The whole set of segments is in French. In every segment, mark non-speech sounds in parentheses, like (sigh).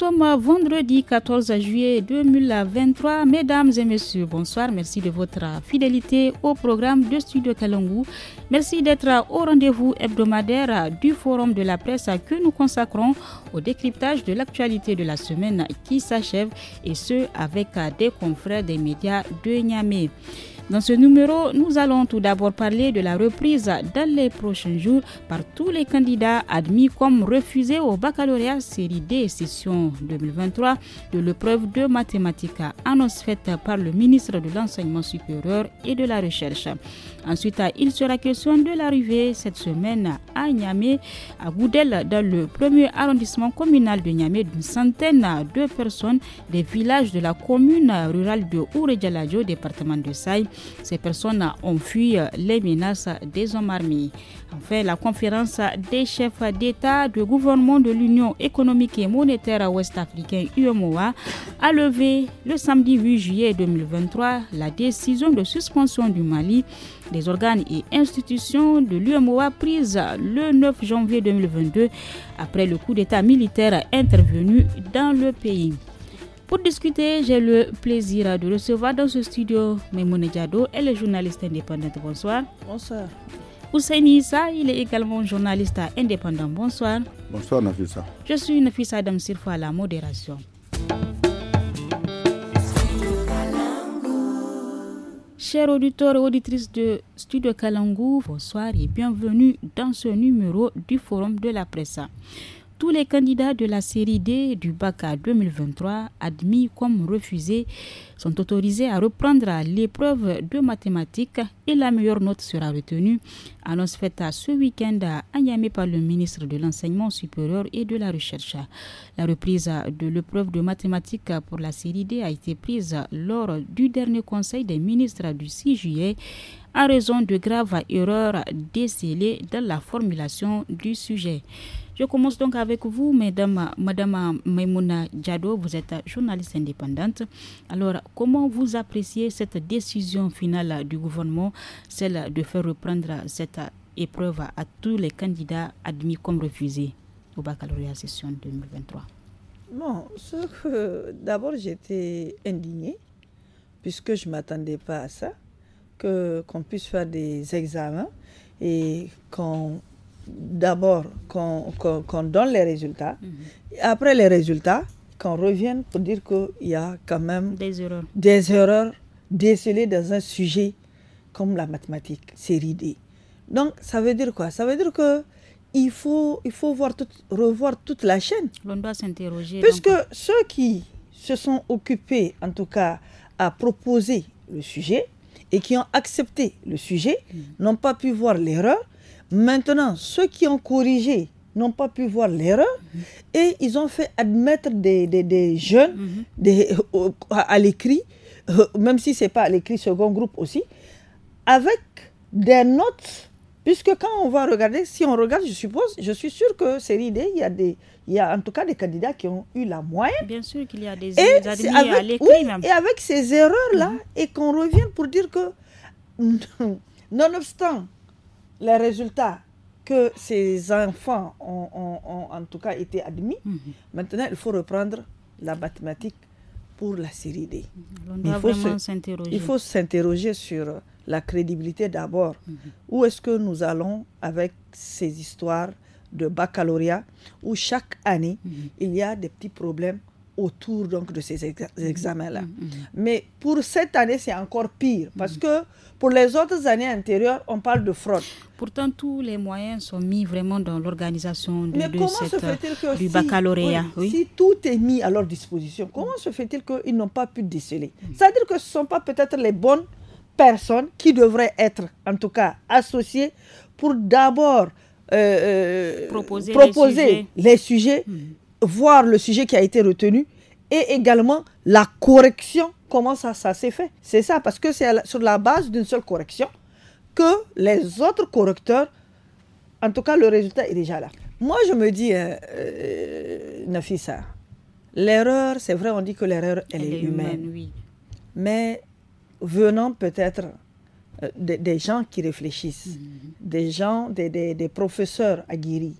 sommes vendredi 14 juillet 2023. Mesdames et messieurs, bonsoir. Merci de votre fidélité au programme de Studio Kalongou. Merci d'être au rendez-vous hebdomadaire du Forum de la presse que nous consacrons au décryptage de l'actualité de la semaine qui s'achève et ce avec des confrères des médias de Niamey. Dans ce numéro, nous allons tout d'abord parler de la reprise dans les prochains jours par tous les candidats admis comme refusés au baccalauréat série D session 2023 de l'épreuve de mathématiques, annonce faite par le ministre de l'Enseignement supérieur et de la Recherche. Ensuite, il sera question de l'arrivée cette semaine à Niamey, à Goudel, dans le premier arrondissement communal de Niamey, d'une centaine de personnes des villages de la commune rurale de Ouredjaladjo, département de Saï, ces personnes ont fui les menaces des hommes armés. Enfin, la conférence des chefs d'État du gouvernement de l'Union économique et monétaire ouest-africain UMOA a levé le samedi 8 juillet 2023 la décision de suspension du Mali des organes et institutions de l'UMOA prise le 9 janvier 2022 après le coup d'État militaire intervenu dans le pays. Pour discuter, j'ai le plaisir de recevoir dans ce studio Memoune Diado, elle est journaliste indépendante. Bonsoir. Bonsoir. Ousseini Issa, il est également journaliste indépendant. Bonsoir. Bonsoir Nafisa. Je suis Nafisa Adam Sirfo à la modération. Chers auditeurs et auditrices de Studio Kalangou, bonsoir et bienvenue dans ce numéro du Forum de la presse tous les candidats de la série D du bac à 2023, admis comme refusés, sont autorisés à reprendre l'épreuve de mathématiques et la meilleure note sera retenue. Annonce faite ce week-end à Niamey par le ministre de l'Enseignement supérieur et de la Recherche. La reprise de l'épreuve de mathématiques pour la série D a été prise lors du dernier Conseil des ministres du 6 juillet en raison de graves erreurs décelées dans la formulation du sujet. Je commence donc avec vous, mesdames, madame Maimouna Diado, vous êtes journaliste indépendante. Alors, comment vous appréciez cette décision finale du gouvernement, celle de faire reprendre cette épreuve à tous les candidats admis comme refusés au baccalauréat session 2023 Bon, d'abord j'étais indignée puisque je ne m'attendais pas à ça, qu'on puisse faire des examens et qu'on d'abord qu'on donne les résultats, mhm. après les résultats, qu'on revienne pour dire qu'il y a quand même des erreurs. des erreurs décelées dans un sujet comme la mathématique, série D. Donc ça veut dire quoi Ça veut dire que il faut, il faut voir revoir toute la chaîne. On doit s'interroger. Puisque ceux qui se sont occupés, en tout cas, à proposer le sujet et qui ont accepté le sujet, mhm. n'ont pas pu voir l'erreur Maintenant, ceux qui ont corrigé n'ont pas pu voir l'erreur mhm. et ils ont fait admettre des, des, jeunes mhm. des, à, l'écrit, euh, même si ce n'est pas à l'écrit, second groupe aussi, avec des notes. Puisque quand on va regarder, si on regarde, je suppose, je suis sûr que série D, il y a des, il y a en tout cas des candidats qui ont eu la moyenne. Bien sûr qu'il y a des, et admis avec, à l'écrit Et avec ces erreurs là, mhm. et qu'on revient pour dire que, (laughs) nonobstant les résultats que ces enfants ont, en tout cas été admis, mhm. maintenant il faut reprendre la mathématique pour la série D. Mhm. il, faut il faut s'interroger sur la crédibilité d'abord. Mhm. Où est-ce que nous allons avec ces histoires de baccalauréat où chaque année, il y a des petits problèmes autour donc, de ces mm-hmm. examens-là. Mm-hmm. Mm-hmm. Mais pour cette année, c'est encore pire, parce que pour les autres années antérieures, on parle de fraude. Pourtant, tous les moyens sont mis vraiment dans l'organisation euh, du baccalauréat. Oui, Si tout est mis à leur disposition, comment se fait-il qu'ils n'ont pas pu déceler C'est-à-dire que ce ne sont pas peut-être les bonnes personnes qui devraient être, en tout cas, associées pour d'abord euh, euh, proposer, les sujets, voir le sujet qui a été retenu et également la correction, comment ça, ça s'est fait. C'est ça, parce que c'est sur la base d'une seule correction que les autres correcteurs, en tout cas, le résultat est déjà là. Moi, je me dis, euh, euh Nafisa, l'erreur, c'est vrai, on dit que l'erreur, elle, est, humaine. Mais venant peut-être euh, des gens qui réfléchissent, mhm. des gens, des, des, des professeurs aguerris,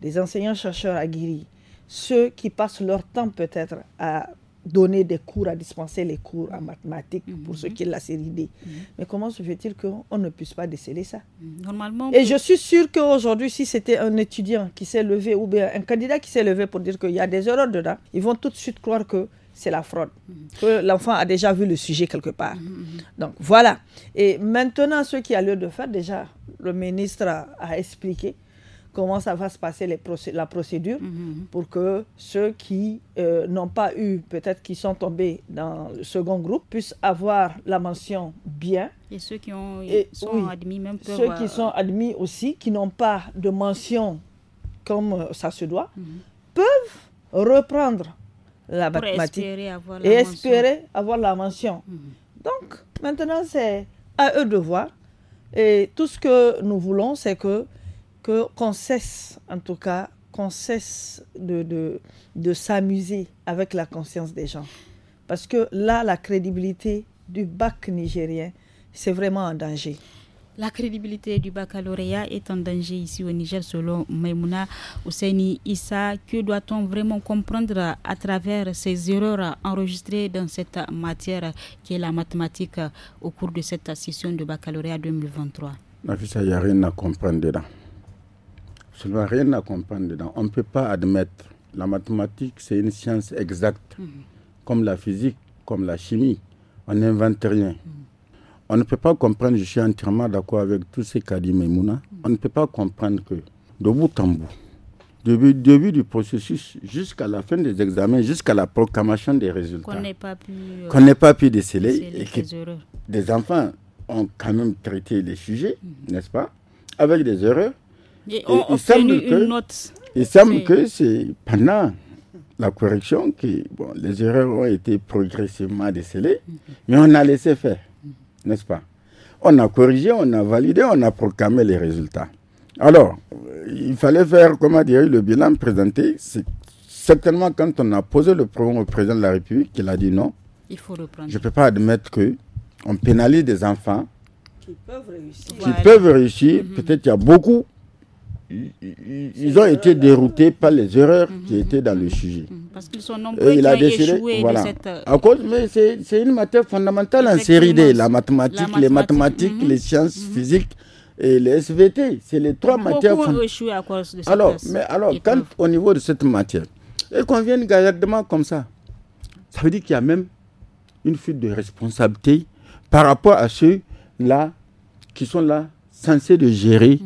des enseignants-chercheurs aguerris, ceux qui passent leur temps peut-être à donner des cours, à dispenser les cours en mathématiques pour mhm. ceux qui la série D. Mhm. Mais comment se fait-il qu'on ne puisse pas déceler ça mhm. Normalement. Et je suis sûre qu'aujourd'hui, si c'était un étudiant qui s'est levé ou bien un candidat qui s'est levé pour dire qu'il y a des erreurs dedans, ils vont tout de suite croire que c'est la fraude, que l'enfant a déjà vu le sujet quelque part. Donc voilà. Et maintenant, ce qu'il y a lieu de faire, déjà, le ministre a expliqué comment ça va se passer la procédure mhm, mhm. pour que ceux qui euh, n'ont pas eu, peut-être qui sont tombés dans le second groupe, puissent avoir la mention bien. Et ceux qui ont, sont admis même Ceux qui euh, sont admis aussi, qui n'ont pas de mention comme ça se doit, mhm. peuvent reprendre la mathématique et espérer avoir la mention. Donc, maintenant, c'est à eux de voir. Et tout ce que nous voulons, c'est que qu'on cesse, en tout cas, qu'on cesse de, de, s'amuser avec la conscience des gens. Parce que là, la crédibilité du bac nigérien, c'est vraiment en danger. La crédibilité du baccalauréat est en danger ici au Niger selon Maimouna Ousseini Issa. Que doit-on vraiment comprendre à travers ces erreurs enregistrées dans cette matière qui est la mathématique au cours de cette session de baccalauréat 2023 il y a rien à comprendre dedans rien à comprendre dedans. On ne peut pas admettre. La mathématique, c'est une science exacte, mm-hmm. comme la physique, comme la chimie. On n'invente rien. On ne peut pas comprendre, je suis entièrement d'accord avec tout ce qu'a dit Maimouna, mm-hmm. on ne peut pas comprendre que de bout en bout, le début du processus jusqu'à la fin des examens, jusqu'à la proclamation des résultats, qu'on n'ait pas pu, euh, déceler, des, des enfants ont quand même traité les sujets, mm-hmm. n'est-ce pas, avec des erreurs, et il, semble que, que c'est pendant la correction que bon, les erreurs ont été progressivement décelées, mais on a laissé faire, n'est-ce pas On a corrigé, on a validé, on a proclamé les résultats. Alors, euh, il fallait faire, comment dire, le bilan présenté. C'est certainement quand on a posé le problème au président de la République qu'il a dit non. Il faut reprendre. Je ne peux pas admettre que on pénalise des enfants qui peuvent réussir. Mhm. Peut-être qu'il y a beaucoup ils ont été déroutés par les erreurs qui mhm. étaient dans le sujet. Mhm. Parce qu'ils sont nombreux il a décidé, voilà. cette... Euh, cause, mais c'est une matière fondamentale en série D, la mathématique, les mathématiques, mhm. les sciences physiques et les SVT. C'est les trois Beaucoup matières fondamentales. Alors, mais alors, quand au niveau de cette matière, et qu'on vienne comme ça, ça veut dire qu'il y a même une fuite de responsabilité par rapport à ceux-là qui sont là censés de gérer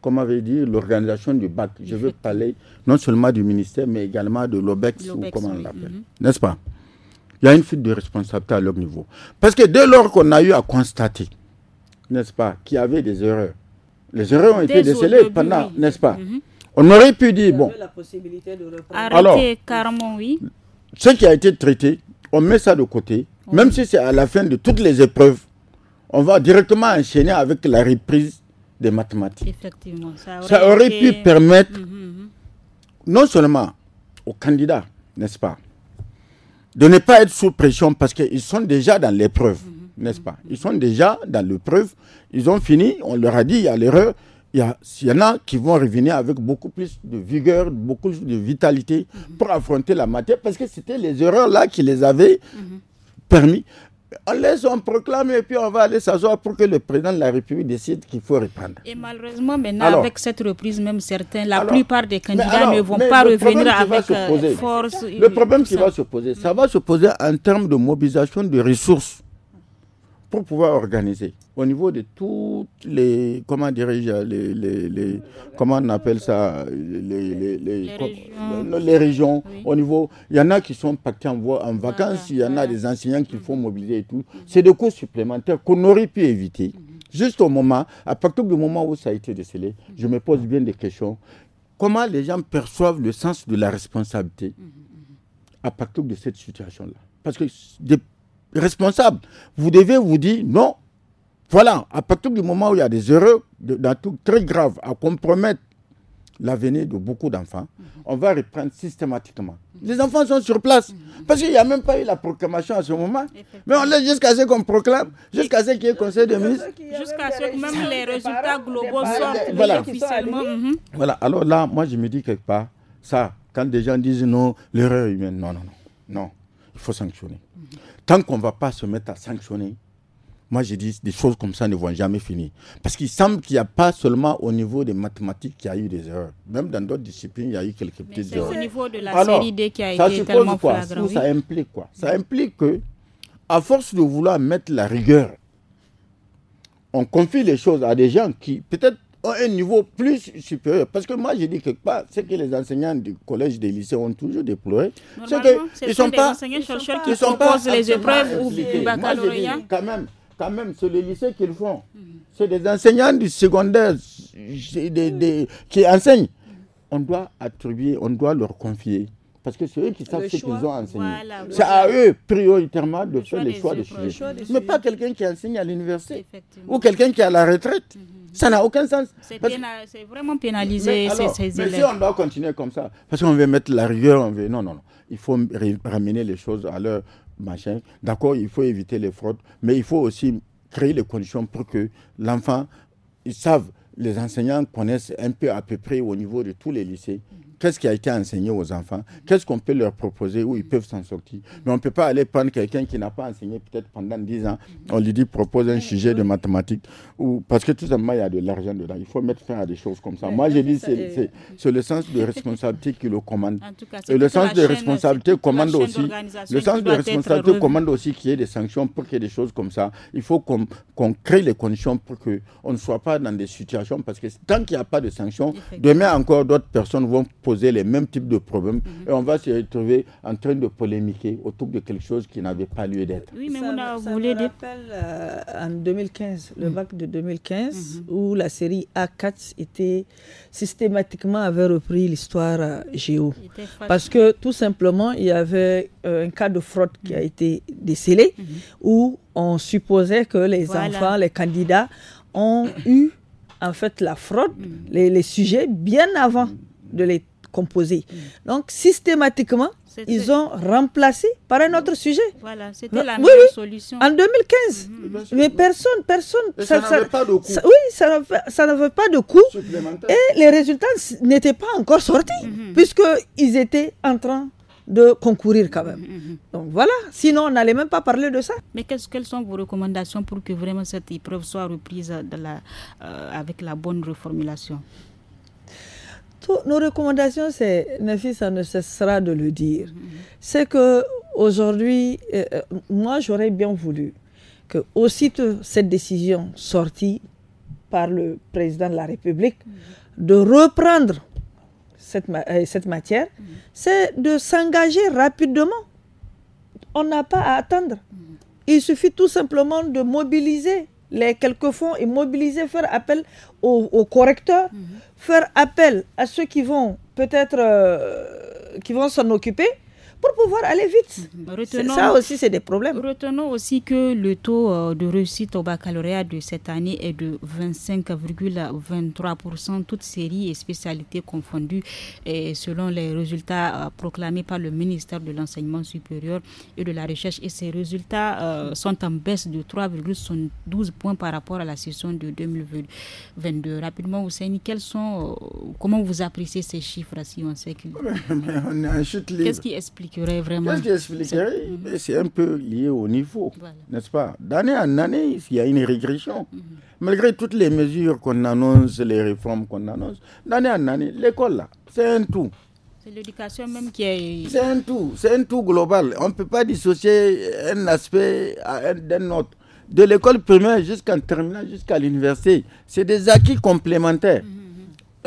comme avait dit l'organisation du bac. Je veux (laughs) parler non seulement du ministère, mais également de l'OBEX, ou e comment on l'appelle. Mhm. N'est-ce pas Il y a une fuite de responsabilité à leur niveau. Parce que dès lors qu'on a eu à constater, n'est-ce pas, qu'il y avait des erreurs, les erreurs ont été décelées pendant, n'est-ce pas mhm. On aurait pu dire, bon. Arrêtez carrément, oui. Ce qui a été traité, on met ça de côté, même si c'est à la fin de toutes les épreuves, on va directement enchaîner avec la reprise des mathématiques. Effectivement, ça aurait, pu permettre mm, mm, mm. non seulement aux candidats, n'est-ce pas, de ne pas être sous pression parce qu'ils sont déjà dans l'épreuve, n'est-ce pas Ils sont déjà dans l'épreuve, ils ont fini, on leur a dit, il y a l'erreur, il y, y, en a qui vont revenir avec beaucoup plus de vigueur, beaucoup de vitalité pour affronter la matière parce que c'était les erreurs là qui les avaient permis on les en proclame et puis on va aller s'asseoir pour que le président de la République décide qu'il faut répandre. Et malheureusement, maintenant, avec cette reprise, même certains, la plupart des candidats ne vont pas revenir avec euh, force. Le problème qui va se poser, ça va se poser en termes de mobilisation de ressources pour pouvoir organiser au niveau de toutes les, comment dirais-je, les, comment on appelle ça, les, les régions, régions au niveau, il y en a qui sont partis en, en vacances, il y en a des enseignants qu'il faut mobiliser et tout. C'est des coûts supplémentaires qu'on aurait pu éviter. Mhm. Juste au moment, à partir du moment où ça a été décelé, je me pose bien des questions. Comment les gens perçoivent le sens de la responsabilité mhm, mhm. à partir de cette situation-là Parce que des responsables, vous devez vous dire non, voilà, à partir du moment où il y a des erreurs de, dans tout, très grave à compromettre l'avenir de beaucoup d'enfants, on va reprendre systématiquement. Les enfants sont sur place parce qu'il n'y a même pas eu la proclamation à ce moment. Mais on laisse jusqu'à ce qu'on proclame, jusqu'à ce qu'il y ait conseil de ministre. Jusqu'à ce que même les résultats globaux sortent voilà. officiellement. Mhm. Voilà, alors là, moi je me dis quelque part, ça, quand des gens disent non, l'erreur humaine, non, non, non, non, il faut sanctionner. Mhm. Tant qu'on ne va pas se mettre à sanctionner, moi, je dis, des choses comme ça ne vont jamais finir. Parce qu'il semble qu'il n'y a pas seulement au niveau des mathématiques qu'il y a eu des erreurs. Même dans d'autres disciplines, il y a eu quelques petites erreurs. au niveau de la Alors, série D qui a ça été tellement Ça implique quoi Ça implique que, à force de vouloir mettre la rigueur, on confie les choses à des gens qui, peut-être, ont un niveau plus supérieur. Parce que moi, je dis quelque part, ce que les enseignants du collège, des lycées ont toujours déploré, c'est qu'ils ne sont, pas... Ils sont pas... les épreuves ou du baccalauréat. quand même quand même, c'est les lycées qu'ils font. C'est des enseignants du secondaire qui enseignent. On doit attribuer, on doit leur confier. Parce que c'est eux qui savent ce qu'ils ont enseigné. c'est à eux prioritairement de faire les choix des Mais pas quelqu'un qui enseigne à l'université ou quelqu'un qui est à la retraite. Mhm, mhm. Ça n'a aucun sens. C'est vraiment pénalisé ces, élèves. si on doit continuer comme ça, parce qu'on veut mettre la rigueur, on veut... Non, non, non. Il faut ramener les choses à l'heure. D'accord, il faut éviter les fraudes, mais il faut aussi créer les conditions pour que l'enfant, ils savent, les enseignants connaissent un peu à peu près au niveau de tous les lycées qu'est-ce qui a été enseigné aux enfants, qu'est-ce qu'on peut leur proposer où ils peuvent s'en sortir. Mais on ne peut pas aller prendre quelqu'un qui n'a pas enseigné peut-être pendant 10 ans, on lui dit propose un sujet de mathématiques, ou, parce que tout simplement il y a de l'argent dedans. Il faut mettre fin à des choses comme ça. Moi je dis c'est, c'est, le sens de responsabilité qui le commande. Et le sens de responsabilité commande aussi. Le sens de responsabilité commande aussi qu'il y ait des sanctions pour qu'il y ait des choses comme ça. Il faut qu'on, crée les conditions pour qu'on ne soit pas dans des situations parce que tant qu'il n'y a pas de sanctions, demain encore d'autres personnes vont poser les mêmes types de problèmes mhm. et on va se retrouver en train de polémiquer autour de quelque chose qui n'avait pas lieu d'être. Oui, mais on a, voulu vous euh, en 2015, le mhm. bac de 2015, mhm. où la série A4 était systématiquement avait repris l'histoire euh, géo. Parce que tout simplement, il y avait euh, un cas de fraude qui a été décelé où on supposait que les enfants, les candidats, ont eu en fait la fraude, les, les sujets bien avant de les composé. Donc, systématiquement, ils ont remplacé par un autre sujet. Voilà, c'était la ah, solution. En 2015. Mhm, eh ben, Mais personne, personne. ça, n'avait pas de coût. oui, ça, n'avait pas de coût. Et les résultats n'étaient pas encore sortis, mhm. puisqu'ils étaient en train de concourir quand même. Mhm, Donc voilà, sinon on n'allait même pas parler de ça. Mais qu'est-ce quelles sont vos recommandations pour que vraiment cette épreuve soit reprise euh, avec la bonne reformulation nos recommandations, c'est, Nefis, ça ne cessera de le dire, c'est que aujourd'hui, euh, euh, moi, j'aurais bien voulu que, aussitôt cette décision sortie par le président de la République, de reprendre cette, euh, cette matière, c'est de s'engager rapidement. On n'a pas à attendre. Il suffit tout simplement de mobiliser les quelques fonds et mobiliser, faire appel aux, correcteurs faire appel à ceux qui vont peut-être euh, qui vont s'en occuper pour pouvoir aller vite. ça aussi, c'est des problèmes. Retenons aussi que le taux euh, de réussite au baccalauréat de cette année est de 25,23%, toutes séries et spécialités confondues, selon les résultats euh, proclamés par le ministère de l'Enseignement supérieur et de la Recherche. Et ces résultats euh, sont en baisse de 3,12 points par rapport à la session de 2022. Rapidement, Ousseini, quels sont, comment vous appréciez ces chiffres si on sait que (laughs) Qu'est-ce qui explique vraiment Qu'est-ce C'est un peu lié au niveau, n'est-ce pas D'année en année, il y a une régression. Mm-hmm. Malgré toutes les mesures qu'on annonce, les réformes qu'on annonce, d'année en année, l'école, là, c'est un tout. C'est l'éducation même qui est... C'est un tout, c'est un tout global. On ne peut pas dissocier un aspect d'un autre. De l'école primaire jusqu'en terminale, jusqu'à l'université, c'est des acquis complémentaires. Mm-hmm.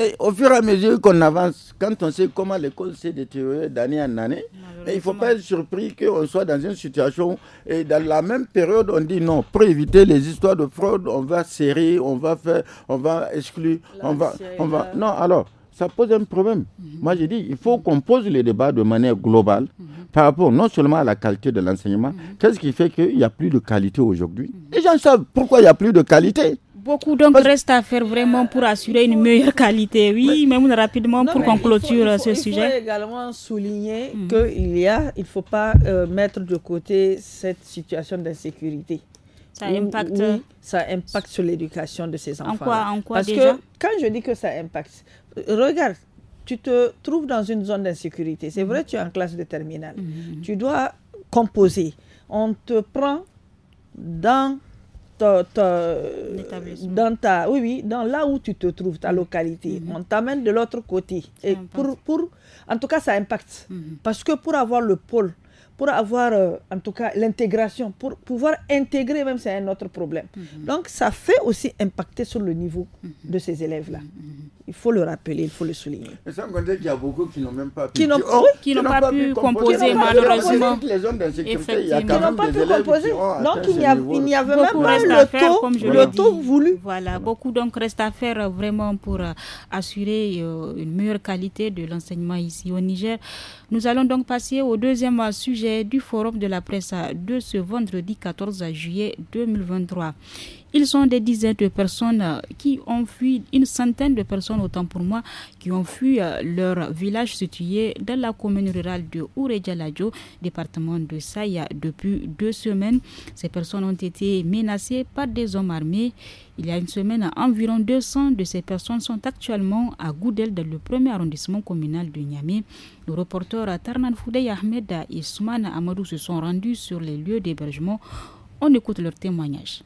Et au fur et à mesure qu'on avance, quand on sait comment l'école s'est détériorée d'année en année, il ne faut pas être surpris qu'on soit dans une situation et dans la même période, on dit non, pour éviter les histoires de fraude, on va serrer, on va faire, on va exclure, on va, on va. Euh. Non, alors ça pose un problème. Mhm. Moi, je dis, il faut qu'on pose les débats de manière globale mhm. par rapport non seulement à la qualité de l'enseignement, mhm. qu'est-ce qui fait qu'il n'y a plus de qualité aujourd'hui Les gens savent pourquoi il n'y a plus de qualité. Beaucoup donc reste à faire vraiment pour assurer une meilleure qualité. Oui, mais... même rapidement pour qu'on clôture il ce sujet. Je également souligner hmm. qu'il y a, il ne faut pas euh, mettre de côté cette situation d'insécurité. Ça impacte. ça impacte sur l'éducation de ces enfants. En quoi, Parce que quand je dis que ça impacte, regarde, tu te trouves dans une zone d'insécurité. C'est hmm. vrai, tu es en classe de terminale. Hmm. Tu dois composer. On te prend dans dans ta, oui, oui, dans là où tu te trouves, ta mm-hmm. localité. Mm-hmm. On t'amène de l'autre côté. Et pour, pour, en tout cas, ça impacte. Mm-hmm. Parce que pour avoir le pôle, pour avoir euh, en tout cas l'intégration, pour pouvoir intégrer même, c'est un autre problème. Donc ça fait aussi impacter sur le niveau de ces élèves-là. Il faut le rappeler, il faut le souligner. Mais ça, me dit qu'il y a beaucoup qui n'ont même pas pu, qui oh, pas, pu composer, malheureusement. qui n'ont pas pu composer. Donc il n'y, avait même pas le, faire, taux, le taux, voulu. Voilà, beaucoup donc reste à faire euh, vraiment pour euh, assurer euh, une meilleure qualité de l'enseignement ici au Niger. Nous allons donc passer au deuxième sujet du forum de la presse de ce vendredi 14 juillet 2023. Ils sont des dizaines de personnes euh, qui ont fui, une centaine de personnes autant pour moi, qui ont fui euh, leur village situé dans la commune rurale de Ouredjaladjo, département de Saïa, depuis deux semaines. Ces personnes ont été menacées par des hommes armés. Il y a une semaine, environ 200 de ces personnes sont actuellement à Goudel dans le premier arrondissement communal de Niamey. Le reporter Tarnan Foudey Ahmed et Soumana Amadou se sont rendus sur les lieux d'hébergement. On écoute leurs témoignages.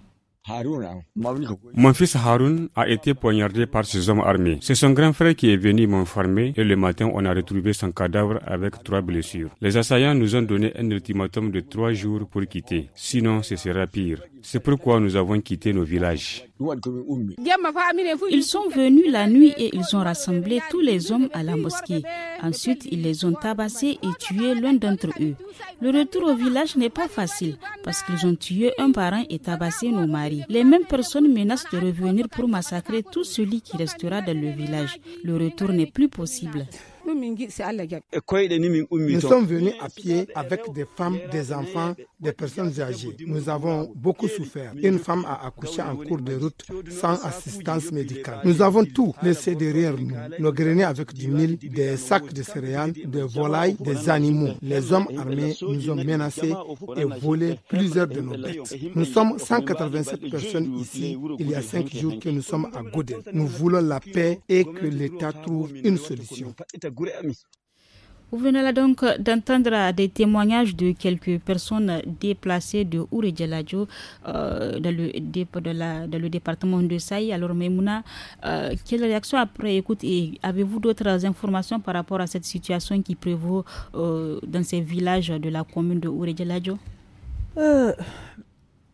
Mon fils Harun a été poignardé par ses hommes armés. C'est son grand frère qui est venu m'informer et le matin on a retrouvé son cadavre avec trois blessures. Les assaillants nous ont donné un ultimatum de trois jours pour quitter. Sinon ce sera pire. C'est pourquoi nous avons quitté nos villages. Ils sont venus la nuit et ils ont rassemblé tous les hommes à la mosquée. Ensuite, ils les ont tabassés et tués l'un d'entre eux. Le retour au village n'est pas facile parce qu'ils ont tué un parent et tabassé nos maris. Les mêmes personnes menacent de revenir pour massacrer tout celui qui restera dans le village. Le retour n'est plus possible. Nous sommes venus à pied avec des femmes, des enfants, des personnes âgées. Nous avons beaucoup souffert. Une femme a accouché en cours de route sans assistance médicale. Nous avons tout laissé derrière nous. Nos greniers avec du mil, des sacs de céréales, des volailles, des animaux. Les hommes armés nous ont menacés et volé plusieurs de nos bêtes. Nous sommes 187 personnes ici. Il y a cinq jours que nous sommes à Godel. Nous voulons la paix et que l'État trouve une solution. Vous venez là donc d'entendre des témoignages de quelques personnes déplacées de Ouredjaladjo euh, dans, le, de département de Saï. Alors Memouna, euh, quelle réaction après écoute et avez-vous d'autres informations par rapport à cette situation qui prévaut euh, dans ces villages de la commune de Ouredjaladjo euh,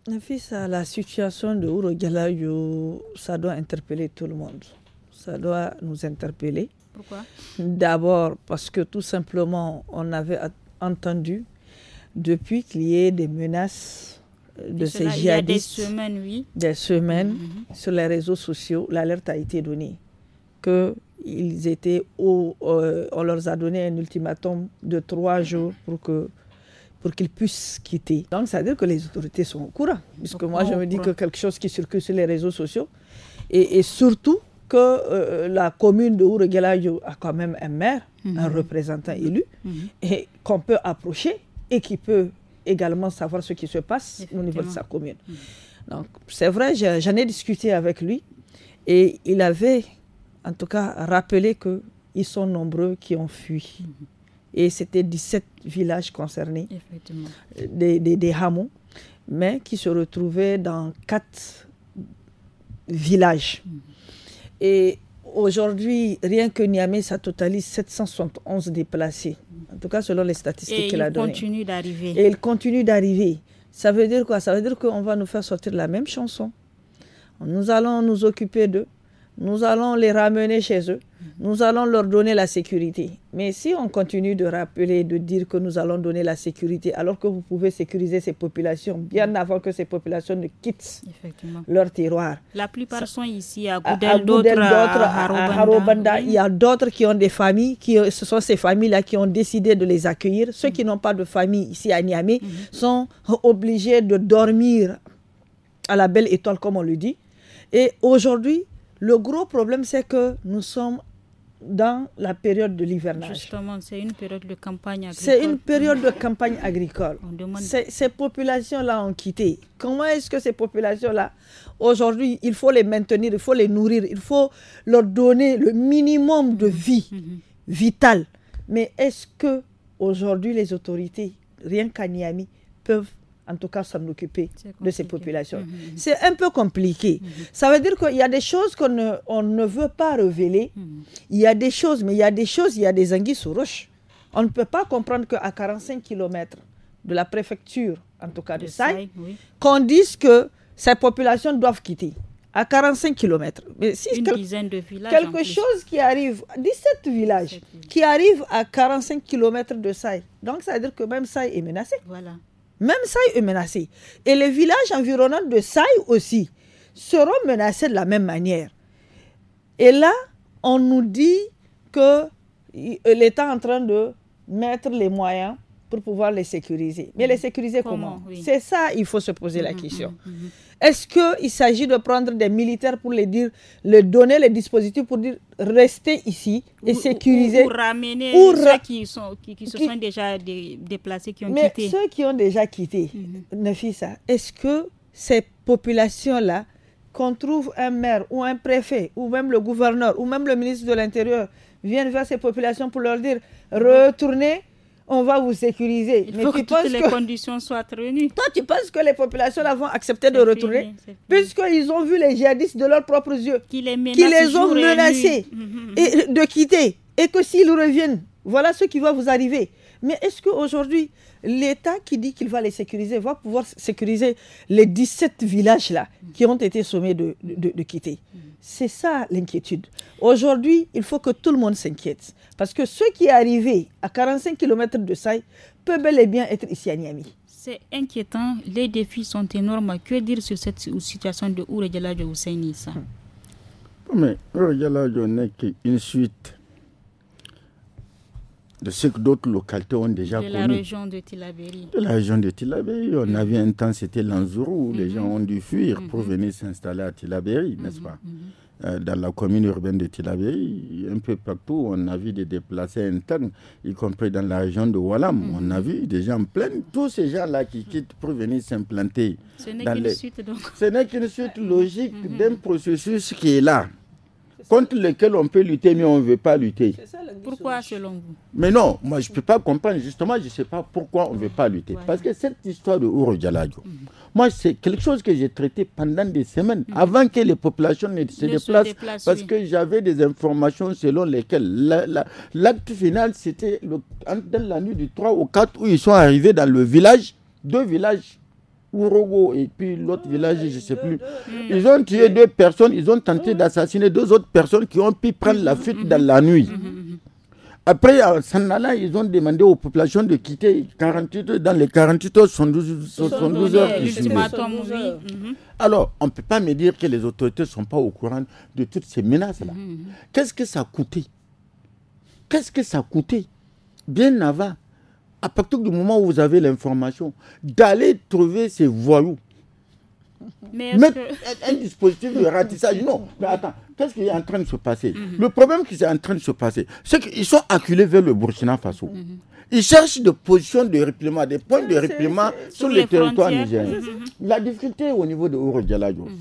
la situation de Ouredjaladjo, ça doit interpeller tout le monde. Ça doit nous interpeller pourquoi D'abord parce que tout simplement, on avait entendu depuis qu'il y ait des menaces euh, de ces djihadistes. Il y a des semaines, oui. Des semaines, mm-hmm, mm-hmm. sur les réseaux sociaux, l'alerte a été donnée. Que ils étaient au, euh, on leur a donné un ultimatum de trois jours pour que pour qu'ils puissent quitter. Donc, ça veut dire que les autorités sont au courant. Puisque moi, je me dis que quelque chose qui circule sur les réseaux sociaux, et surtout, que euh, la commune de Oureguelayo a quand même un maire, mhm. un représentant mhm. élu, mhm. et qu'on peut approcher et qui peut également savoir ce qui se passe au niveau de sa commune. Donc, c'est vrai, j'en ai discuté avec lui et il avait en tout cas rappelé qu'ils sont nombreux qui ont fui. Et c'était 17 villages concernés, des, des, hameaux, mais qui se retrouvaient dans quatre villages. Et aujourd'hui, rien que Niamey, ça totalise 771 déplacés. En tout cas, selon les statistiques qu'il a données. Et il continue d'arriver. Et il continue d'arriver. Ça veut dire quoi Ça veut dire qu'on va nous faire sortir la même chanson. Nous allons nous occuper d'eux. Nous allons les ramener chez eux nous allons leur donner la sécurité. Mais si on continue de rappeler, de dire que nous allons donner la sécurité, alors que vous pouvez sécuriser ces populations bien mm. avant que ces populations ne quittent leur tiroir. La plupart sont ici à Goudel, d'autres à, à, Il y a d'autres qui ont des familles, qui, ce sont ces familles-là qui ont décidé de les accueillir. Ceux mm. qui n'ont pas de famille ici à Niamey mm. sont obligés de dormir à la belle étoile, comme on le dit. Et aujourd'hui, le gros problème, c'est que nous sommes dans la période de l'hivernage. Justement, c'est une période de campagne agricole. C'est une période de campagne agricole. Ces, populations-là ont quitté. Comment est-ce que ces populations-là, aujourd'hui, il faut les maintenir, il faut les nourrir, il faut leur donner le minimum de mhm. vie mhm. vitale. Mais est-ce que aujourd'hui les autorités, rien qu'à Niamey, peuvent en tout cas s'en occuper de ces populations. Mm-hmm. C'est un peu compliqué. Mm-hmm. Ça veut dire qu'il y a des choses qu'on ne, veut pas révéler. Mm-hmm. Il y a des choses, mais il y a des choses, il y a des anguilles sous roche. On ne peut pas comprendre qu'à 45 km de la préfecture, en tout cas de, Saï, qu'on dise que ces populations doivent quitter. À 45 km. Mais Une dizaine de villages. Quelque chose qui arrive, 17 villages, qui arrivent à 45 km de Saï. Donc ça veut dire que même Saï est menacé. Voilà. Même Saï est menacé. Et les villages environnants de Saï aussi seront menacés de la même manière. Et là, on nous dit que l'État est en train de mettre les moyens pour pouvoir les sécuriser. Mais les mm. sécuriser comment, C'est ça, il faut se poser la mm-hmm, question. Mm-hmm, mm-hmm. Est-ce qu'il s'agit de prendre des militaires pour les dire, les donner les dispositifs pour dire restez ici et sécuriser Ou, ramener ceux qui, sont, qui, se sont déjà déplacés, qui ont quitté. Mais ceux qui ont déjà quitté, ne ça. est-ce que ces populations-là, qu'on trouve un maire ou un préfet ou même le gouverneur ou même le ministre de l'Intérieur viennent vers ces populations pour leur dire retournez on va vous sécuriser. Il faut Mais que toutes les conditions soient réunies. Toi, tu penses que les populations vont de retourner Puisqu'ils ont vu les djihadistes de leurs propres yeux, qui les, ont menacés mhm, mhm, mhm. et de quitter, et que s'ils reviennent, voilà ce qui va vous arriver. Mais est-ce qu'aujourd'hui, l'État qui dit qu'il va les sécuriser va pouvoir sécuriser les 17 villages-là qui ont été sommés de, quitter. C'est ça l'inquiétude. Aujourd'hui, il faut que tout le monde s'inquiète. Parce que ce qui est arrivé à 45 km de Saï peut bel et bien être ici à Niami. C'est inquiétant. Les défis sont énormes. Que dire sur cette situation de Oure de Hussein Mais n'est qu'une suite de ce que d'autres localités ont déjà connu. de la région de Tilaberi. De la région de Tilaberi. On mm-hmm. avait un temps, c'était l'Anzourou, où les mm-hmm. gens ont dû fuir mm-hmm. pour venir s'installer à Tilaberi, n'est-ce pas euh, dans la commune urbaine de Tilaberi, un peu partout, on a vu des déplacés internes, y compris dans la région de Walam. On a vu des gens pleins, tous ces gens-là qui quittent pour venir s'implanter. Ce n'est qu'une suite, donc. Ce n'est qu'une suite (laughs) logique d'un processus qui est là contre lesquels on peut lutter, mais on ne veut pas lutter. pourquoi, selon vous Mais non, moi, je ne peux pas comprendre. Justement, je ne sais pas pourquoi on ne veut pas lutter. Parce que cette histoire de Ouro mm. moi, c'est quelque chose que j'ai traité pendant des semaines, mm. avant que les populations ne se, déplacent, parce que j'avais des informations selon lesquelles l'acte final, c'était dans la nuit du 3 au 4 où ils sont arrivés dans le village, deux villages Ourogo et puis l'autre village, je ne sais plus. Mm. Ils ont tué deux personnes, ils ont tenté d'assassiner deux autres personnes qui ont pu prendre la fuite dans la nuit. Mm-hmm. Après, à Sanala, ils ont demandé aux populations de quitter 48 dans les 48 heures, 72, 72 heures mm-hmm. Alors, on ne peut pas me dire que les autorités ne sont pas au courant de toutes ces menaces-là. Mm-hmm. Qu'est-ce que ça a coûté Qu'est-ce que ça a coûté Bien avant, à partir du moment où vous avez l'information, d'aller trouver ces voyous. Mettre un, dispositif de ratissage. Non, mais attends, qu'est-ce qui est en train de se passer mhm. Le problème qui est en train de se passer, c'est qu'ils sont acculés vers le Burkina Faso. Mhm. Ils cherchent des positions de répliement, des points de répliement sur, le territoire nigérien. Mhm. La difficulté au niveau de Ouro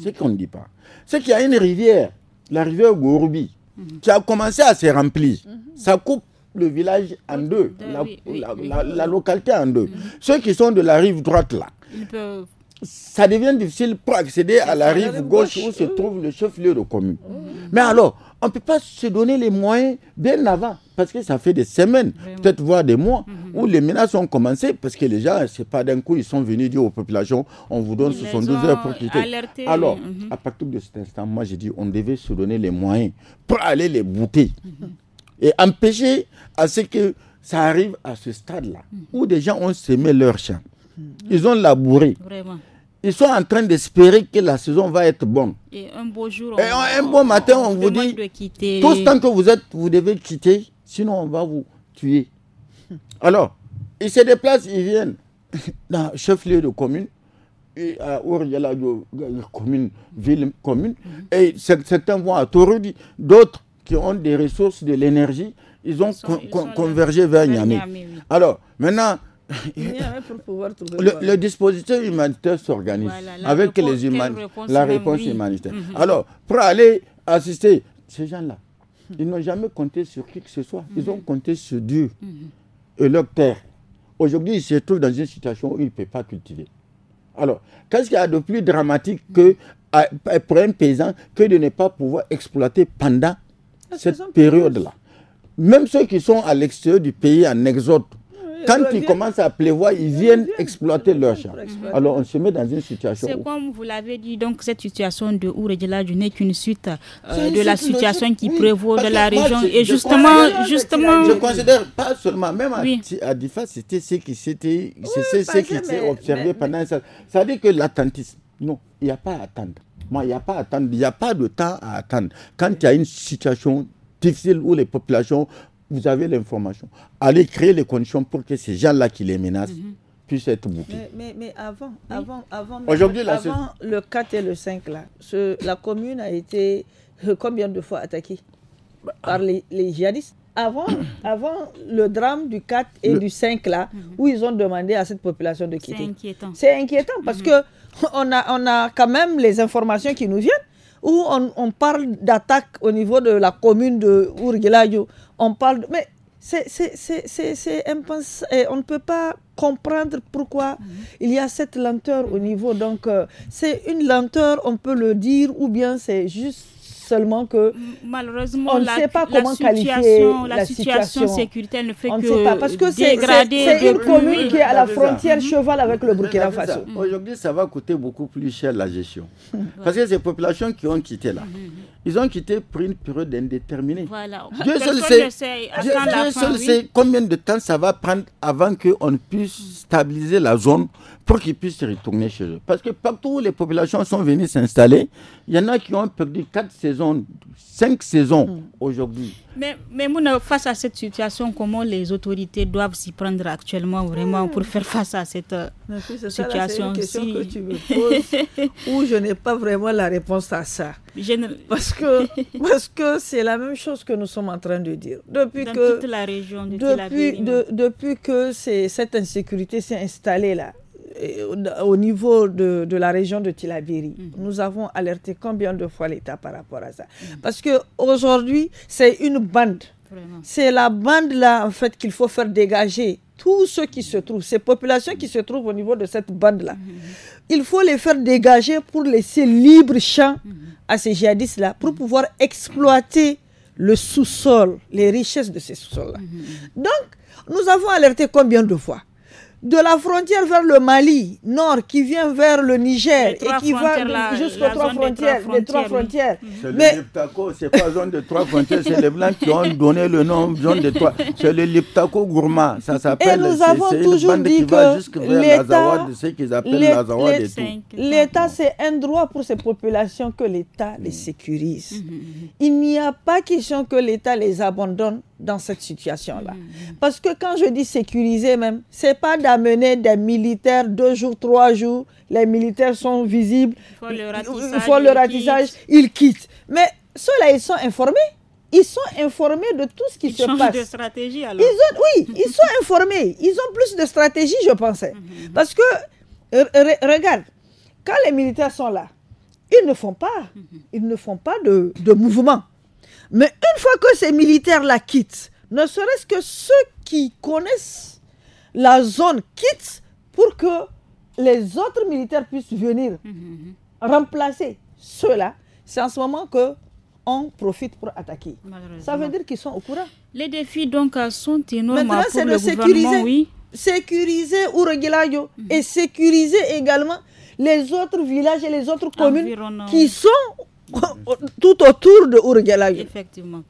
c'est qu'on ne dit pas. C'est qu'il y a une rivière, la rivière Gouroubi, qui a commencé à se remplir. Ça coupe le village en deux, la, localité en deux. Mhm. Ceux qui sont de la rive droite là, ça devient difficile pour accéder à la rive gauche, où se trouve le chef-lieu de commune. Mais alors, on ne peut pas se donner les moyens bien avant, parce que ça fait des semaines, peut-être voire des mois, mhm. où les menaces ont commencé, parce que les gens, c'est pas d'un coup, ils sont venus dire aux populations, on vous donne 72 heures pour quitter. Alors, mhm. à partir de cet instant, moi, j'ai dit, on devait se donner les moyens pour aller les bouter et empêcher à ce que ça arrive à ce stade-là, mhm. où des gens ont semé leur champ. Mhm. Ils ont labouré. Vraiment. Ils sont en train d'espérer que la saison va être bonne. Et un beau jour, et un matin, on, vous dit, tout ce temps que vous êtes, vous devez quitter, sinon on va vous tuer. (laughs) Alors, ils se déplacent, ils viennent (laughs) dans le chef-lieu de commune, et à la commune, ville commune, mhm. et certains vont à Torodi, d'autres qui ont des ressources, de l'énergie, ils ont convergé vers Niamey. Alors, maintenant, le, dispositif humanitaire s'organise avec les humains, la réponse humanitaire. Mhm. Alors, pour aller assister ces gens-là, mhm. ils n'ont jamais compté sur qui que ce soit. Ils mhm. ont compté sur Dieu et leur terre. Aujourd'hui, ils se trouvent dans une situation où ils ne peuvent pas cultiver. Alors, qu'est-ce qu'il y a de plus dramatique que, pour un paysan que de ne pas pouvoir exploiter pendant cette période-là. Même ceux qui sont à l'extérieur du pays en exode, quand ils commencent à pleuvoir, ils viennent exploiter leur champ. Alors on se met dans une situation. C'est comme vous l'avez dit, donc cette situation de Ouredjela du n'est qu'une suite euh, de la situation qui prévaut de la région. Et justement, justement. Je considère pas seulement, même à, Difa, c'était ce qui s'était observé pendant ça. Ça veut dire que l'attentisme, non, il n'y a pas à il n'y a pas de temps à attendre. Quand il y a une situation difficile où les populations, vous avez l'information, allez créer les conditions pour que ces gens-là qui les menacent mhm. puissent être bouclés. Mais, avant, avant, le 4 et le 5, là, la commune a été euh, combien de fois attaquée bah, ah. par les, djihadistes avant, avant le drame du 4 et du 5 là, mhm. où ils ont demandé à cette population de quitter. C'est inquiétant. C'est inquiétant parce mhm. que on a, quand même les informations qui nous viennent, où on, parle d'attaque au niveau de la commune de Urgilayo. On parle. mais c'est impensable. On ne peut pas comprendre pourquoi mhm. il y a cette lenteur au niveau. Donc, euh, c'est une lenteur, on peut le dire, ou bien c'est juste seulement que malheureusement on ne sait pas comment la qualifier la, situation, sécuritaire ne fait que parce que c'est une commune qui est à la frontière mhm. cheval avec le Burkina Faso. Aujourd'hui, ça va coûter beaucoup plus cher la gestion mhm. parce que ces populations qui ont quitté là, mhm ils ont quitté pour une période indéterminée. Voilà. Dieu seul sait, Dieu, seul sait combien de temps ça va prendre avant qu'on puisse stabiliser la zone pour qu'ils puissent retourner chez eux. Parce que partout où les populations sont venues s'installer, il y en a qui ont perdu 4 saisons, 5 saisons mm. aujourd'hui. Mais, mais Mouna, face à cette situation, comment les autorités doivent s'y prendre actuellement vraiment pour faire face à cette euh, situation C'est question que tu me poses où je n'ai pas vraiment la réponse à ça. Parce que (laughs) parce que c'est la même chose que nous sommes en train de dire depuis Dans que toute la région de depuis, depuis que cette insécurité s'est installée là, euh, au niveau de, la région de Tilabiri, mhm. nous avons alerté combien de fois l'État par rapport à ça mhm. Parce que aujourd'hui, c'est une bande. C'est la bande là en fait qu'il faut faire dégager tous ceux qui se trouvent, ces populations qui se trouvent au niveau de cette bande là. Mhm. Il faut les faire dégager pour laisser libre champ à ces djihadistes là pour pouvoir exploiter le sous-sol, les richesses de ces sous-sols là. Donc nous avons alerté combien de fois de la frontière vers le Mali nord qui vient vers le Niger et qui va jusqu'aux trois frontières, mhm. C'est Mais... le Liptako, c'est pas zone de trois frontières, c'est les blancs qui ont donné le nom zone de trois. C'est le Liptako gourmand. ça s'appelle. Et nous avons toujours dit que l'État, c'est un droit pour ces populations que l'État les mhm. sécurise. Mhm, Il n'y a pas question que l'État les abandonne dans cette situation-là. Mm, mm. Parce que quand je dis sécuriser même, c'est pas d'amener des militaires deux jours, trois jours, les militaires sont visibles, ils font le ratissage, ils, quittent. Mais ceux-là, ils sont informés. Ils sont informés de tout ce qui se passe. Ils de stratégie alors. oui, ils sont (laughs) informés. Ils ont plus de stratégie, je pensais. Mm, Parce que, regarde, quand les militaires sont là, ils ne font pas, ils ne font pas de, de mouvement. Mais une fois que ces militaires la quittent, ne serait-ce que ceux qui connaissent la zone quittent pour que les autres militaires puissent venir mhm, mhm, mhm. remplacer ceux-là. C'est en ce moment que on profite pour attaquer. Ça veut dire qu'ils sont au courant. Les défis donc euh, sont énormes Maintenant, pour le, sécuriser, oui. Sécuriser ou et sécuriser également les autres villages et les autres communes qui sont tout autour de Ourgalage. Effectivement.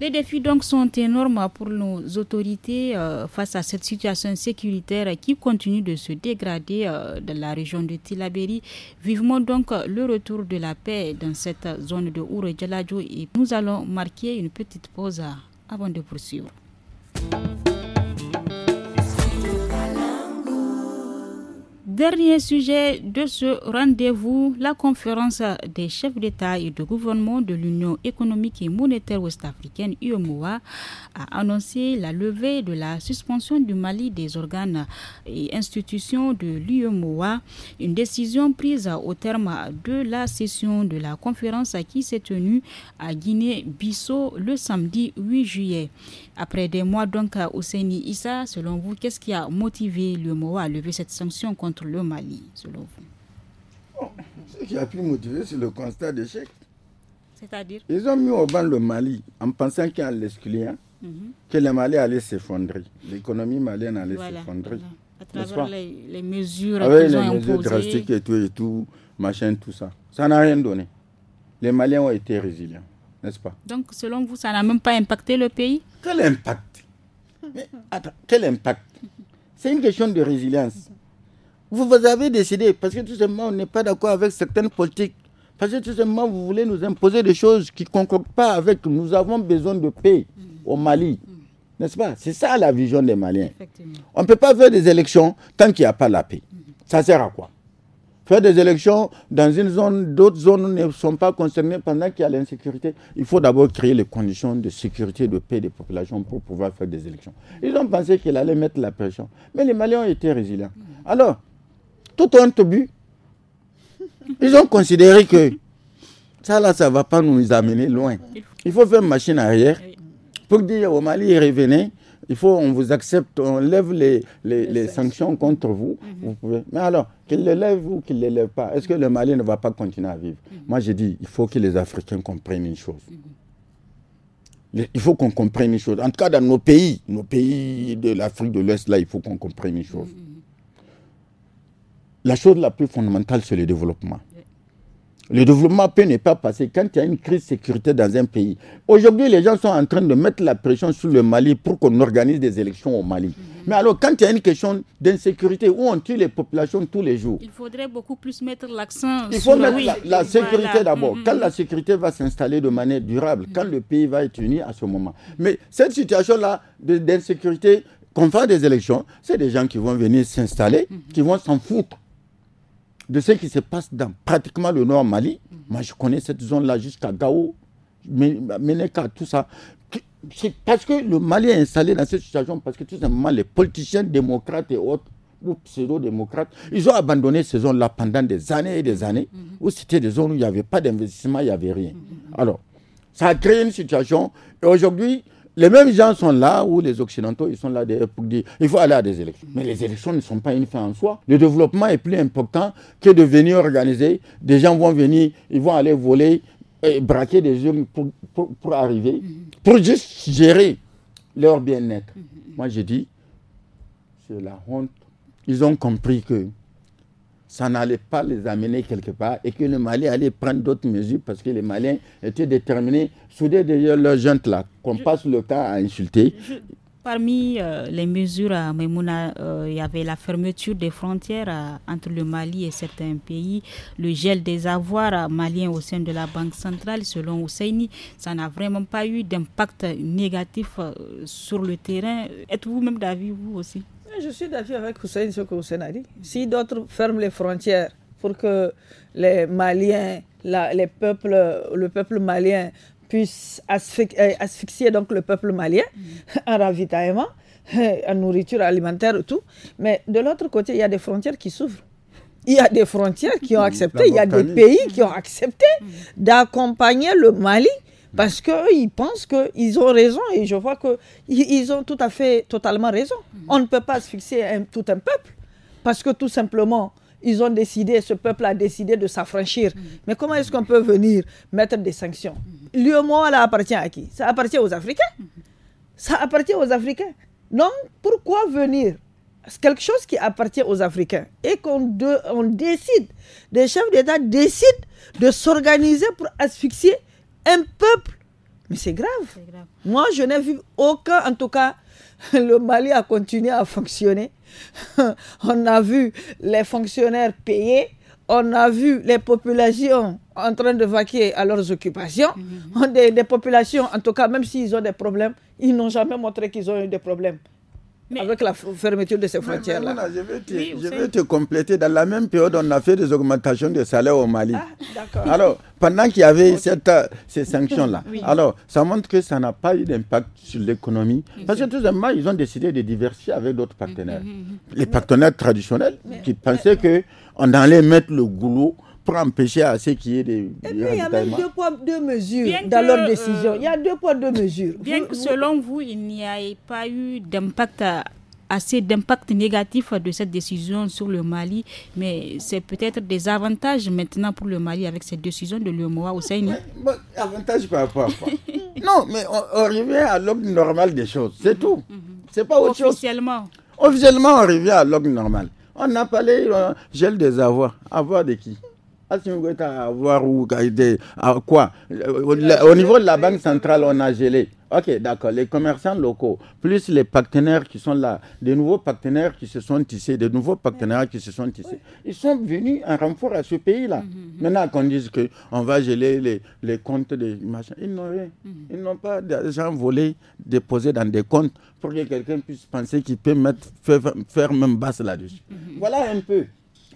Les défis donc sont énormes pour nos autorités euh, face à cette situation sécuritaire qui continue de se dégrader euh, dans la région de Tilaberi. Vivement donc le retour de la paix dans cette zone de Ourgadjalajo et nous allons marquer une petite pause euh, avant de poursuivre. Dernier sujet de ce rendez-vous, la conférence des chefs d'État et de gouvernement de l'Union économique et monétaire ouest-africaine, UEMOA, a annoncé la levée de la suspension du Mali des organes et institutions de l'UEMOA, une décision prise au terme de la session de la conférence qui s'est tenue à Guinée-Bissau le samedi 8 juillet. Après des mois donc à Ousseini Issa, selon vous, qu'est-ce qui a motivé le MOA à lever cette sanction contre le Mali, selon vous Ce qui a pu motiver, c'est le constat d'échec. C'est-à-dire Ils ont mis au banc le Mali en pensant qu'en y hein, mhm. que le Mali allait s'effondrer. L'économie malienne allait s'effondrer. À travers les, mesures, mesures drastiques et tout, et tout, machin, tout ça. Ça n'a rien donné. Les Maliens ont été résilients. Donc, selon vous, ça n'a même pas impacté le pays Quel impact quel impact C'est une question de résilience. Vous, vous avez décidé, parce que tout simplement, on n'est pas d'accord avec certaines politiques. Parce que tout simplement, vous voulez nous imposer des choses qui ne concordent pas avec nous avons besoin de paix au Mali. N'est-ce pas C'est ça la vision des Maliens. On ne peut pas faire des élections tant qu'il n'y a pas la paix. Ça sert à quoi Faire des élections dans une zone, d'autres zones ne sont pas concernées pendant qu'il y a l'insécurité. Il faut d'abord créer les conditions de sécurité, de paix des populations pour pouvoir faire des élections. Ils ont pensé qu'il allait mettre la pression. Mais les Maliens ont été résilients. Alors, tout tout but, ils ont considéré que ça là, ça ne va pas nous amener loin. Il faut faire une machine arrière pour dire au Mali, revenez, il faut, on vous accepte, on lève les, sanctions contre vous. Mhm. Mais alors, qu'il les lèvent ou qu'ils ne les lèvent pas, est-ce que le Mali ne va pas continuer à vivre mhm. Moi, j'ai dit, il faut que les Africains comprennent une chose. Mhm. Il faut qu'on comprenne une chose. En tout cas, dans nos pays, nos pays de l'Afrique de l'Ouest, là, il faut qu'on comprenne une chose. La chose la plus fondamentale, c'est le développement. Le développement peut ne pas passer quand il y a une crise de sécurité dans un pays. Aujourd'hui, les gens sont en train de mettre la pression sur le Mali pour qu'on organise des élections au Mali. Mhm. Mais alors, quand il y a une question d'insécurité, où on tue les populations tous les jours Il faudrait beaucoup plus mettre l'accent sur... Il faut mettre la, sécurité d'abord. Mhm. Quand la sécurité va s'installer de manière durable, mhm. quand le pays va être uni à ce moment. Mais cette situation-là d'insécurité, qu'on fasse des élections, c'est des gens qui vont venir s'installer, qui vont s'en foutre de ce qui se passe dans pratiquement le nord Mali. Mhm. Moi, je connais cette zone-là jusqu'à Gao, Meneka, tout ça. C'est parce que le Mali est installé dans cette situation, parce que tout simplement, les politiciens démocrates et autres, ou pseudo-démocrates, ils ont abandonné ces zones-là pendant des années et des années, mhm. où c'était des zones où il n'y avait pas d'investissement, il n'y avait rien. Mhm. Alors, ça a créé une situation, et aujourd'hui, les mêmes gens sont là où les Occidentaux, ils sont là pour dire il faut aller à des élections. Mais les élections ne sont pas une fin en soi. Le développement est plus important que de venir organiser. Des gens vont venir, ils vont aller voler, et braquer des urnes pour, pour arriver, pour juste gérer leur bien-être. Moi, j'ai dit c'est la honte. Ils ont compris que ça n'allait pas les amener quelque part et que le Mali allait prendre d'autres mesures parce que les Maliens étaient déterminés, soudés d'ailleurs leur junte là, qu'on passe le temps à insulter. parmi euh, les mesures à Memouna, euh, il y avait la fermeture des frontières euh, entre le Mali et certains pays, le gel des avoirs maliens au sein de la Banque centrale, selon Ousseini. Ça n'a vraiment pas eu d'impact négatif sur le terrain. Êtes-vous même d'avis, vous aussi je suis d'accord avec Hussein, ce Hussein Si d'autres ferment les frontières pour que les Maliens, les peuples, le peuple malien puisse euh, asphyxier donc le peuple malien mm. (laughs) en ravitaillement, (laughs) en nourriture alimentaire et tout. Mais de l'autre côté, il y a des frontières qui s'ouvrent. Il y a des frontières qui ont mm. accepté, il y a des pays qui mm. ont accepté d'accompagner le Mali parce qu'ils pensent qu'ils ont raison et je vois qu'ils ont tout à fait totalement raison. Mm. On ne peut pas asphyxier un, tout un peuple parce que tout simplement, ils ont décidé, ce peuple a décidé de s'affranchir. Mm. Mais comment est-ce qu'on peut venir mettre des sanctions mm. Lieu moi, là, appartient à qui Ça appartient aux Africains. Ça appartient aux Africains. Donc, pourquoi venir quelque chose qui appartient aux Africains et qu'on on décide, des chefs d'État décident de s'organiser pour asphyxier un peuple. Mais c'est grave. Moi, je n'ai vu aucun, en tout cas, (laughs) le Mali a continué à fonctionner. (laughs) on a vu les fonctionnaires payés, on a vu les populations en train de vaquer à leurs occupations. Mhm. des, populations, en tout cas, même s'ils ont des problèmes, ils n'ont jamais montré qu'ils ont eu des problèmes avec la fermeture de ces frontières-là. je vais, te, je vais te compléter. Dans la même période, on a fait des augmentations de salaire au Mali. Ah, alors, pendant qu'il y avait cette, euh, ces sanctions-là, alors ça montre que ça n'a pas eu d'impact sur l'économie. Parce que tout simplement, ils ont décidé de diversifier avec d'autres mm, mm, partenaires. Mm, Les partenaires traditionnels qui pensaient qu'on que allait mettre le goulot empêcher à ce qu'il y ait des. Et puis il y a même deux points, deux mesures dans leur euh, décision. il y a deux points, deux mesures. Bien que selon vous, il n'y ait pas eu d'impact euh, assez d'impact négatif de cette décision sur le Mali, mais c'est peut-être des avantages maintenant pour le Mali avec cette décision de l'UMOA au sein Bon, avantages par rapport à quoi (laughs) Non, mais on, revient à l'ordre normal des choses, c'est mhm. tout. Mhm. C'est pas autre Officiellement. chose. Officiellement. Officiellement, on revient à l'ordre normal. On a parlé, euh, gel des avoirs. Avoir de qui ah, à voir où à quoi euh, au, niveau de la Banque centrale, on a gelé. Ok, d'accord. Les commerçants locaux, plus les partenaires qui sont là, des nouveaux partenaires qui se sont tissés, des nouveaux partenaires qui se sont tissés, ils sont venus en renfort à ce pays-là. Mmh, mmh, mmh. Maintenant qu'on dise qu'on va geler les, les comptes des machins, ils n'ont Ils n'ont pas d'argent volé, déposé dans des comptes pour que quelqu'un puisse penser qu'il peut mettre, faire, même basse là-dessus. Voilà un peu.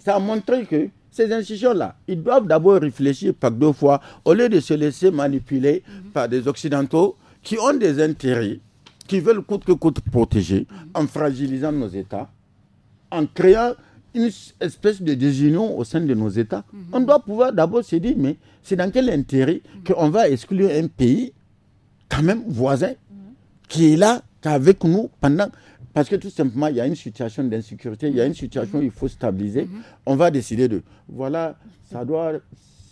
Ça a montré que ces institutions-là, ils doivent d'abord réfléchir par deux fois, au lieu de se laisser manipuler mhm. par des Occidentaux qui ont des intérêts, qui veulent coûte que coûte protéger, mhm. en fragilisant nos États, en créant une espèce de désunion au sein de nos États. Mhm. On doit pouvoir d'abord se dire, mais c'est dans quel intérêt qu'on va exclure un pays, quand même voisin, qui est là, avec nous pendant parce que tout simplement, il y a une situation d'insécurité, il y a une situation où il faut stabiliser. Mhm. On va décider de, voilà, ça doit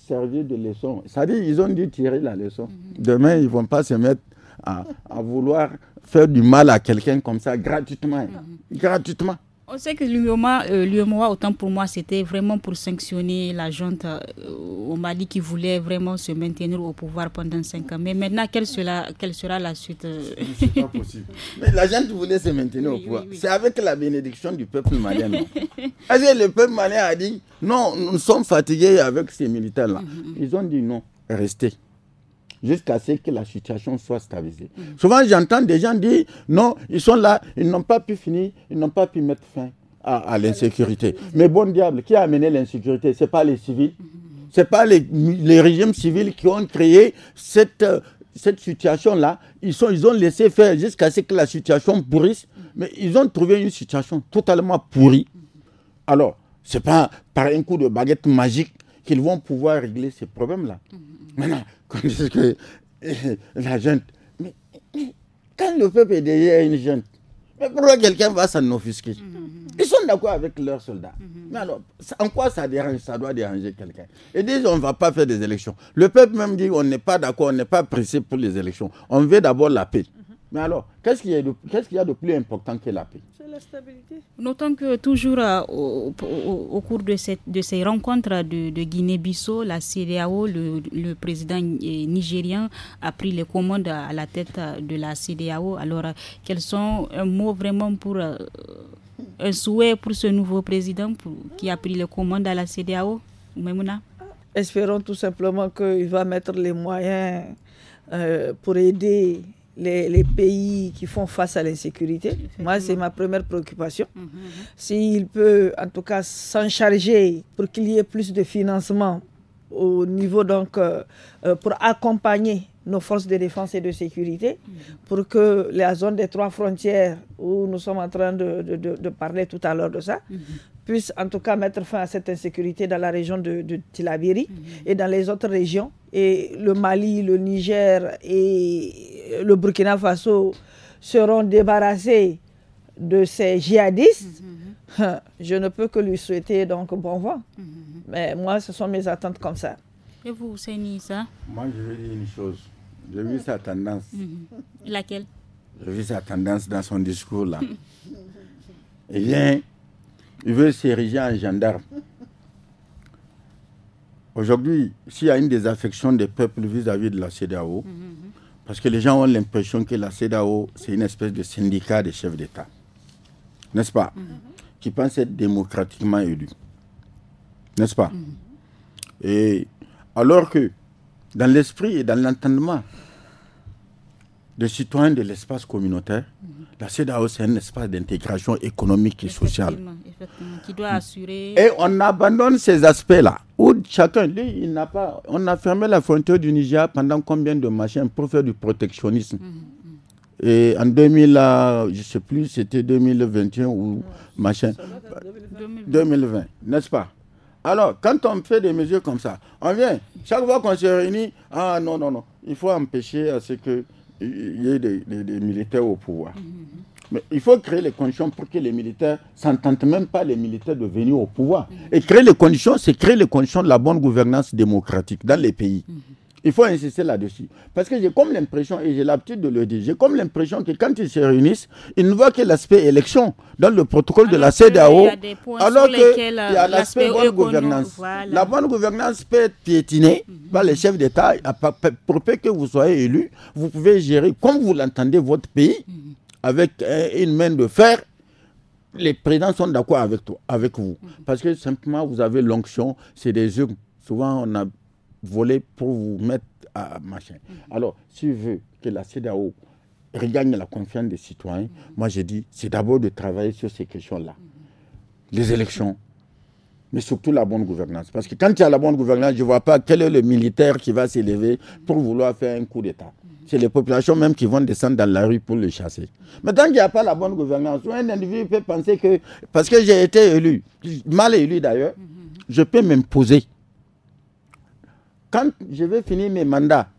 servir de leçon. Ça à dire ils ont dû tirer la leçon. Mhm. Demain, ils ne vont pas se mettre à, vouloir faire du mal à quelqu'un comme ça gratuitement. Mhm. Gratuitement. On sait que euh, l'UMOA, autant pour moi, c'était vraiment pour sanctionner la junte euh, au Mali qui voulait vraiment se maintenir au pouvoir pendant cinq ans. Mais maintenant, quelle sera, quelle sera la suite euh? C'est pas possible. Mais la junte voulait se maintenir au pouvoir. C'est avec la bénédiction du peuple malien. le peuple malien a dit non, nous sommes fatigués avec ces militaires-là. Mhm. Ils ont dit non, restez jusqu'à ce que la situation soit stabilisée. Mm. Souvent, j'entends des gens dire, non, ils sont là, ils n'ont pas pu finir, ils n'ont pas pu mettre fin à, l'insécurité. Mm. Mais bon diable, qui a amené l'insécurité Ce n'est pas les civils, mm. ce n'est pas les, régimes civils qui ont créé cette... cette situation-là, ils, ils ont laissé faire jusqu'à ce que la situation pourrisse, mais ils ont trouvé une situation totalement pourrie. Alors, c'est pas par un coup de baguette magique qu'ils vont pouvoir régler ces problèmes-là. Maintenant, quand je que euh, la jeune, Mais, quand le peuple est derrière une jeune, pourquoi quelqu'un va s'en offusquer Ils sont d'accord avec leurs soldats. Mais alors, en quoi ça dérange Ça doit déranger quelqu'un. Ils disent on ne va pas faire des élections. Le peuple même dit on n'est pas d'accord, on n'est pas pressé pour les élections. On veut d'abord la paix. Mais alors, qu'est-ce qu'il y, a de plus important que la paix Notons que toujours euh, au, cours de, cette, de ces rencontres de, Guinée-Bissau, la CDAO, le, président nigérien a pris les commandes à la tête de la CDAO. Alors, quels sont un mot vraiment pour euh, un souhait pour ce nouveau président qui a pris les commandes à la CDAO, Memouna? Espérons tout simplement qu'il va mettre les moyens euh, pour aider les, pays qui font face à l'insécurité. Moi, c'est ma première préoccupation. Mm-hmm, mm-hmm. S'il peut, en tout cas, s'en charger pour qu'il y ait plus de financement au niveau, donc, euh, euh, pour accompagner nos forces de défense et de sécurité, mm-hmm. pour que la zone des trois frontières, où nous sommes en train de, parler tout à l'heure de ça, puisse en tout cas mettre fin à cette insécurité dans la région de, de Tilabiri et dans les autres régions et le Mali, le Niger et le Burkina Faso seront débarrassés de ces djihadistes, mm-hmm. (laughs) je ne peux que lui souhaiter donc bon vent. Mm-hmm. Mais moi, ce sont mes attentes comme ça. Et vous, ça Moi, je veux dire une chose. J'ai vu euh. sa tendance. Mm-hmm. Laquelle J'ai vu sa tendance dans son discours là. (laughs) il, vient, il veut s'ériger en gendarme. Aujourd'hui, s'il y a une désaffection des peuples vis-à-vis de la CEDAO, mhm, mhm. parce que les gens ont l'impression que la CEDAO, c'est une espèce de syndicat des chefs d'État, n'est-ce pas mhm. Qui pensent être démocratiquement élus, n'est-ce pas Et alors que, dans l'esprit et dans l'entendement, des citoyens de l'espace communautaire. Mhm. La CEDAO, c'est un espace d'intégration économique et sociale. Effectivement, qui doit mm. Et on abandonne ces aspects-là. Où chacun, il n'a pas. On a fermé la frontière du Niger pendant combien de machins pour faire du protectionnisme mm, mm. Et en 2000, euh, je ne sais plus, c'était 2021 ou machin. 2020 n'est-ce pas alors, quand on fait des mesures comme ça, on vient, chaque fois qu'on se réunit, ah non, non, non, il faut empêcher à ce que il y a des, militaires au pouvoir. Mais il faut créer les conditions pour que les militaires s'entendent même pas les militaires de venir au pouvoir. Et créer les conditions, c'est créer les conditions de la bonne gouvernance démocratique dans les pays. Il faut insister là-dessus. Parce que j'ai comme l'impression, et j'ai l'habitude de le dire, j'ai comme l'impression que quand ils se réunissent, ils ne voient que l'aspect élection dans le protocole de la CEDAO, alors qu'il y a euh, l'aspect bonne gouvernance. La bonne gouvernance peut être piétinée par les chefs d'État. Pour peu que vous soyez élu, vous pouvez gérer comme vous l'entendez votre pays, avec une main de fer les présidents sont d'accord avec avec vous. Parce que simplement, vous avez l'onction, c'est des urnes. Souvent, on a voler pour vous mettre à machin. Mhm. Alors, si je veux que la CEDAO regagne la confiance des citoyens, mhm. moi je dis, c'est d'abord de travailler sur ces questions-là. Mhm. Les élections, mais surtout la bonne gouvernance. Parce que quand il y a la bonne gouvernance, je ne vois pas quel est le militaire qui va s'élever pour vouloir faire un coup d'État. C'est les populations même qui vont descendre dans la rue pour le chasser. Mais tant qu'il n'y a pas la bonne gouvernance, un individu peut penser que, parce que j'ai été élu, mal élu d'ailleurs, je peux m'imposer quand je vais finir mes mandats,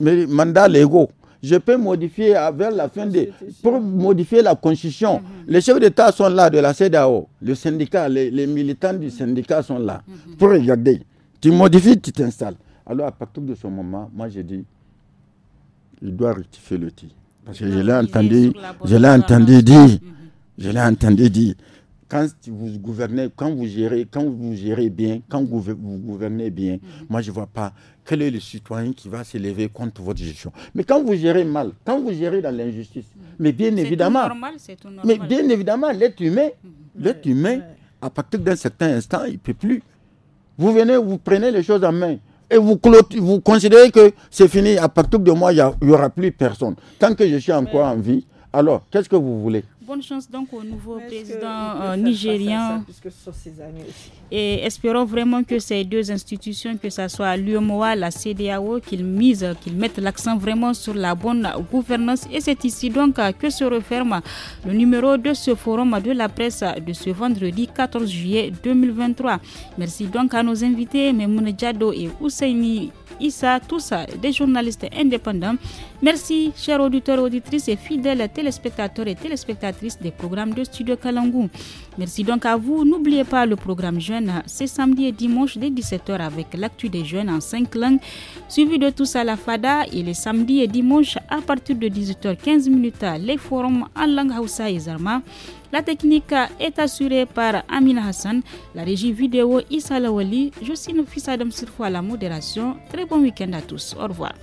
mes mandats légaux, je peux modifier vers la fin de. Pour modifier la constitution, mm-hmm. les chefs d'État sont là de la CEDAO, le syndicat, les, militants du syndicat sont là mm-hmm. pour regarder. Tu modifies, tu t'installes. Alors à partir de ce moment, moi j'ai dit, il doit rectifier le tir. Parce que je l'ai entendu, mm-hmm. je l'ai entendu dire, je l'ai entendu dire quand vous gouvernez, quand vous gérez, quand vous gérez bien, quand vous, gouvernez bien, mhm. moi je ne vois pas quel est le citoyen qui va s'élever contre votre gestion. Mais quand vous gérez mal, quand vous gérez dans l'injustice, mhm. mais bien évidemment, mais bien évidemment, l'être humain, mhm. à partir d'un certain instant, il ne peut plus. Vous venez, vous prenez les choses en main. Et vous, vous considérez que c'est fini, à partir de moi, il n'y aura plus personne. Tant que je suis encore en vie, alors qu'est-ce que vous voulez Bonne chance donc au nouveau président euh, nigérien. Et espérons vraiment que ces deux institutions, que ce soit l'UMOA, la CDAO, qu'ils misent, qu'ils mettent l'accent vraiment sur la bonne gouvernance. Et c'est ici donc que se referme le numéro de ce forum de la presse de ce vendredi 14 juillet 2023. Merci donc à nos invités, Memoune Diado et Ousseini Issa, tous des journalistes indépendants. Merci, chers auditeurs, auditrices et fidèles téléspectateurs et téléspectatrices des programmes de Studio Kalangou. Merci donc à vous. N'oubliez pas le programme Jeunes, c'est samedi et dimanche dès 17h avec l'actu des jeunes en 5 langues, suivi de tous à la FADA et les samedi et dimanche à partir de 18h15 les forums en langue Hausa et Zarma. La technique est assurée par Amina Hassan, la régie vidéo Issa Lawali. Je suis Nofis Adam Sirfo à la modération. Très bon week-end à tous. Au revoir.